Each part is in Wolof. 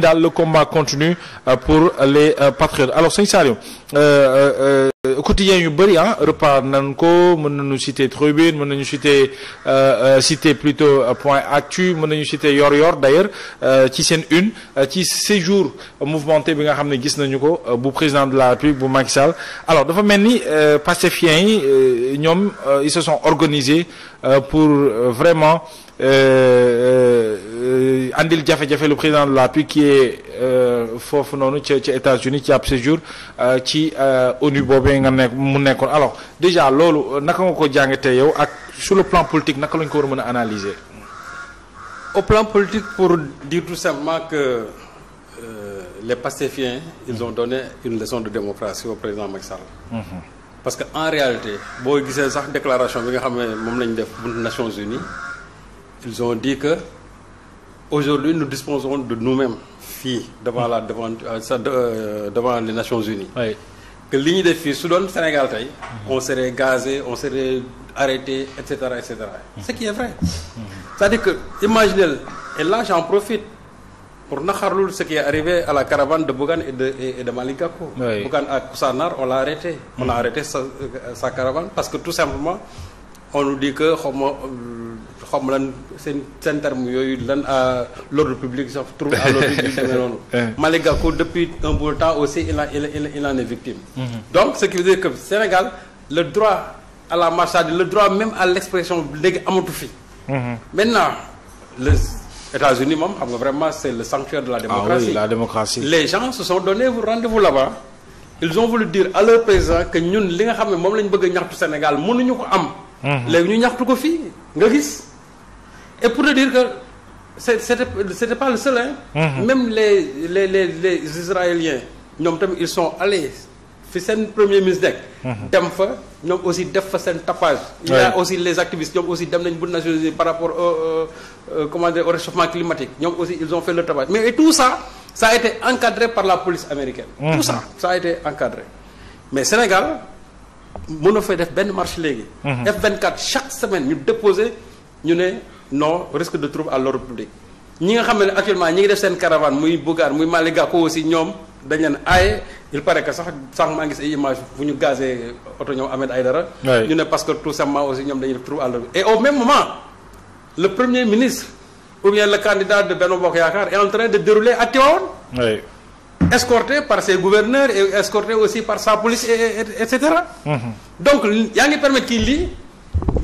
dans le combat continu euh, pour les euh, patriotes alors sëñ Au euh, quotidien yu bëri ah hein, repas nan ko mën citer tribune mën nañu citer citer plutôt point actu mën nañu citer yor yor d'ailleurs qui est une qui séjour mouvementé bi nga gis président de la république bu Macky Sall alors de meni, ni ils se sont organisés pour vraiment euh, andil jafé jafé le président de la qui est euh, foofu nonu ci États-Unis ci ab séjour euh, ci ONU bobé nga de mu nekkoon alors déjà lolu naka nga ko yow ak sur le plan politique naka lañ ko war analyser. au plan politique pour dire tout simplement que les pacifiens, ils ont donné une leçon de démocratie au président Macky mhm. parce qu'en en réalité boy gisee sax déclaration bi nga xamné mom lañ def Nations Unies ils ont dit que. Aujourd'hui, nous disposons de nous-mêmes, filles devant la devant euh, euh devant les Nations Unies. Oui. que ligne des filles, fii le Sénégal on serait gazé on serait arrêté etc., cetera ce qui est vrai. c'est-à-dire que imaginez et là j'en profite pour Nakharloul, ce qui est arrivé à la caravane de Bougan et de et, Bougan à Koussanar on l'a arrêté. on a arrêté sa euh, caravane parce que tout simplement on nous dit que comme ma c'est un lan seen terme yooyu lan à euh, l'ordre public ça trouve à l'ordre public eh. depuis un bon temps aussi il en est victime mhm. donc ce qui veut dire que le Sénégal le droit à la marche le droit même à l'expression légale, amatu fi mhm. maintenant les États-Unis même, vraiment c'est le sanctuaire de ah la démocratie les gens se sont donné rendez-vous là-bas ils ont voulu dire à leur président que nous li nga xam ne moom lañ bëgg a au Sénégal les ñu ñaxtu ko et pour dire que c'était pas le seul hein. mm-hmm. même les les les israéliens ils sont allés faire un premier ministre nekk mm-hmm. dem fa ont aussi def fa tapage il y a aussi les activistes ont aussi dem nañ bu par rapport au euh, comment dire au réchauffement climatique ont aussi ils ont fait le travail mais et tout ça ça a été encadré par la police américaine mm-hmm. tout ça ça a été encadré mais Sénégal mënoo fay def benn marche léegi. Mhm. F24 chaque semaine ñu déposer ñu ne non risque de trouble à l'ordre public. ñi nga xam ne actuellement ñi ngi def seen caravane muy Bougane muy Malick ko aussi ñoom dañ leen aaye il paraît que sax sax maa ngi gis ay image bu ñu gazee oto ñoom Ahmed Aïdara ñu ne parce que tout simplement aussi ñoom dañuy def trouble à l'ordre et au même moment le premier ministre ou bien le candidat de Benoît Bokk Yaakaar est en train de dérouler à escorté par ses gouverneurs et escorté aussi par sa police et et mhm. donc il y permettre qu'ils lii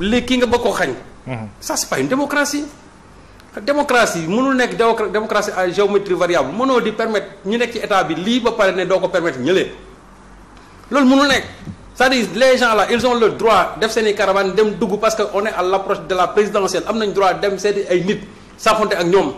li kii nga bëgg de mhm. ça c'est pas une démocratie. La démocratie mënul une démocratie à géométrie variable mënoo di permettre ñu nekk ci état bi lii ba permettre ñële loolu mënul c'est-à-dire les gens là ils ont le droit def seen caravane dem dugg parce qu'on est à l'approche de la présidentielle ont le droit dem seeti ay nit s'affronter ak nous.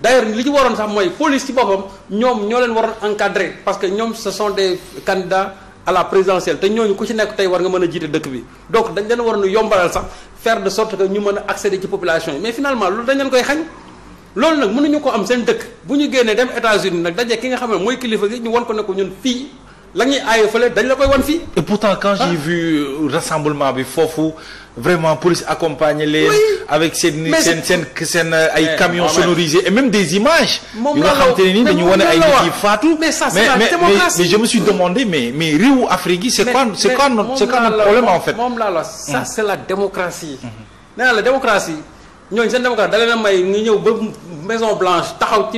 d'ailleurs li ci waroon sax mooy police ci boppam ñoom ñoo leen waroon encadrer parce que ñoom sa sont des candidats à la présidentielle te ñooñu ku ci nekk tey war nga mën a jiite dëkk bi donc dañ leen waroon yombalal sax faire de sorte que ñu mën a accéder ci population yi mais finalement loolu dañ leen koy xañ loolu nag mënuñu ko am seen dëkk bu ñu génnee dem États-Unis nag dajee ki nga xam ne mooy kilifa gi ñu won ko ne ko ñun fii et pourtant quand j'ai ah. vu le euh, rassemblement avec fofu vraiment police accompagner les avec ces euh, eh, camions sonorisés et même des images. mais mais je me suis demandé mais mais Afrique c'est quoi c'est quoi notre problème en fait. Mm. ça c'est la démocratie. Mm-hmm. la démocratie nous sommes démocratie da la may Maison Blanche taxaw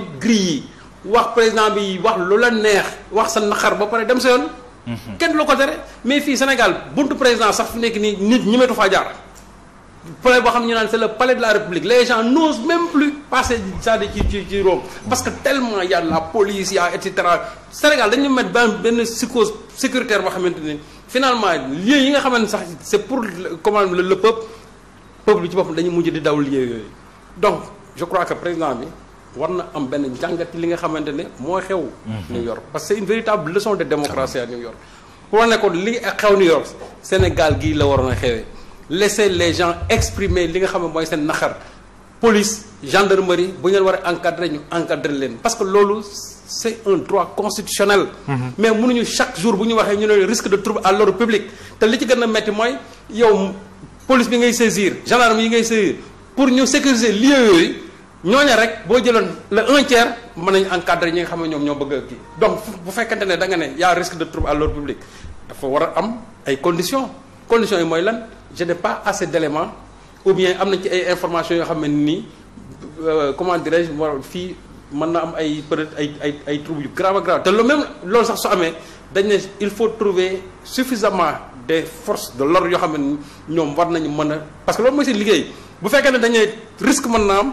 wax président bi wax lu la neex wax sa naxar ba pare dem sa yoon. Mhm. kenn du la ko tere mais fii Sénégal buntu président sax fu nekk nii nit ñi metu faa jaar. palais boo xam ñu naan c'est le palais de la République les gens n'osent même plus passer ça de dire ci ci ci Rome parce que tellement y a la police y a et cetera Sénégal dañu mettre benn benn psychose sécuritaire boo xamante ni finalement lieu yi nga xamante ne sax c'est pour comment le le peuple peuple bi ci boppam dañu mujj di daw lieu yooyu donc je crois que président bi. war na am benn njàngat li nga xamante ne moo xew. Mhm. New York parce que c'est une véritable leçon de démocratie à New York. pour ne ko li xew New York Sénégal gii la waroon a xewee laisser les gens exprimer li nga xam ne mooy seen naxar police gendarmerie bu ñu leen war a encadrer ñu encadrer leen parce que loolu c'est un droit constitutionnel. Mhm. mais mënuñu chaque jour bu ñu waxee ñu ne risque de trouble à l'ordre public te li ci gën a métti mooy yow police bi ngay saisir gendarme yi ngay saisir pour ñu sécuriser lieux ñooña rek boo jëloon le un tiers mën en encadrer ñi nga xam ne ñoom ñoo bëgg a kii donc bu fekkente ne danga ne y'a risque de trouble à l'ordre public dafa war a am ay conditions conditions yi mooy lan je n'ai pas assez d'éléments ou bien am na ci ay information yoo xam ne nii euh, comment dirais-je fii mën na am ay peut-être ay ay ay troubles yu grave grave te le même loolu sax su amee dañ ne il faut trouver suffisamment des force de l'ordre yoo xam ne ñoom war nañu mën a parce que loolu mooy seen liggéey bu fekkee ne dañu risque mën na am.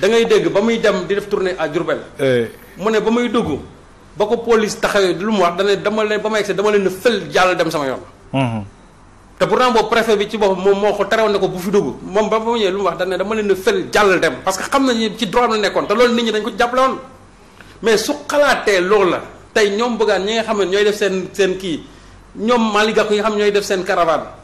da ngay dégg ba muy dem di def tournée à Diourbel. Eh. mu ne ba muy dugg ba ko police taxawee lu mu wax dana dama leen ba ma egsi dama leen a fël jàll dem sama yoon. Mhm. te pourtant boobu bi ci boppam moom moo ko terewoon ne ko bu fi dugg moom ba ba mu ñëwee lu dama leen a fël parce que xam nañu ci droit la nekkoon te loolu nit ñi dañ ko jàppale woon mais su xalaatee loolu la tey ñoom bëggaan ñi nga xam ne ñooy def seen seen kii ñoom Malick Gakou yi nga xam ñooy def seen caravane.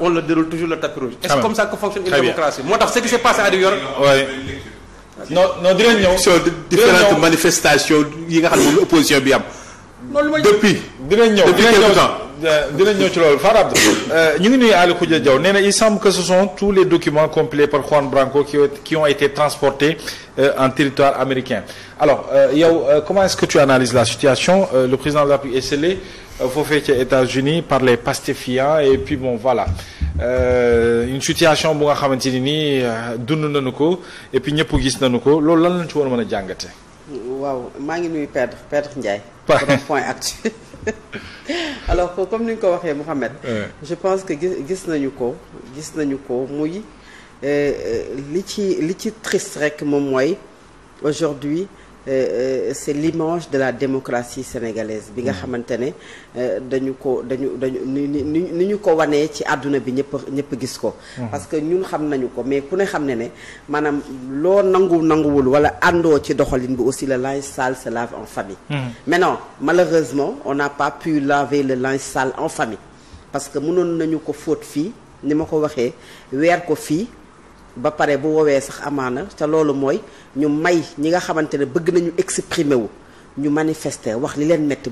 on le déroule toujours le tapis rouge. est-ce comme ça que fonctionne une démocratie moi ce qui s'est passé à New York. non non non. Sur différentes manifestations il y a l'opposition opposition depuis depuis temps euh, euh, il semble que ce sont tous les documents complets par Juan Branco qui ont été transportés euh, en territoire américain alors comment est-ce que tu analyses la situation le président de la République est euh, foofee ca États-Unis par les pastifiants et puis bon voilà euh, une situation bu à xamante ni nii euh, dund ko et puis ñepp gis nañu ko loolu lan lañ ci war a mën waaw ma ngi nuy Pedre Pedre ndjay point actuel alors comme ni ñu ko je pense que gis nañu ko gis nañu ko muy euh, li ci li ci triste rek mom moy aujourd'hui euh, euh, c'est l'image de la démocratie sénégalaise bi nga mm. euh, dañu ko dañu dañu ni ko mm-hmm. parce que mais ku nangu se lave en famille mm-hmm. maintenant malheureusement on n'a pas pu laver le linge sale en famille parce que nous nañu ko ba paré bu wowe sax exprimer manifester wax li metti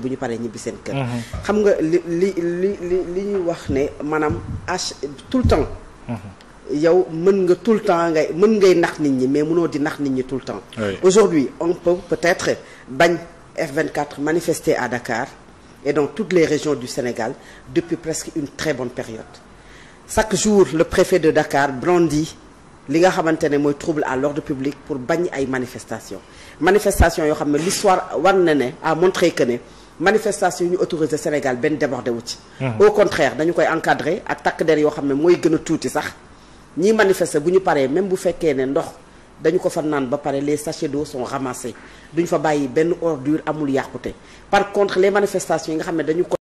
kër. xam tout le temps. Mhm. yow nga tout temps ngay mais tout temps. aujourd'hui on peut peut-être F24 manifester à Dakar et dans toutes les régions du Sénégal depuis presque une très bonne période chaque jour le préfet de Dakar brandit li nga xamantene moy trouble à l'ordre public pour bagn ay manifestation manifestation yo xamné l'histoire war na a montré que ne manifestation yi ñu autoriser Sénégal ben débordé wu ci mmh. au contraire dañu koy encadré ak tak der yo xamné moy gëna touti sax ñi manifester bu ñu paree même bu féké ne ndox dañu ko fa naan ba paré les sachets d'eau sont ramassés duñ fa bayyi ben ordure amul yàqute par contre les manifestations yi nga xamné dañu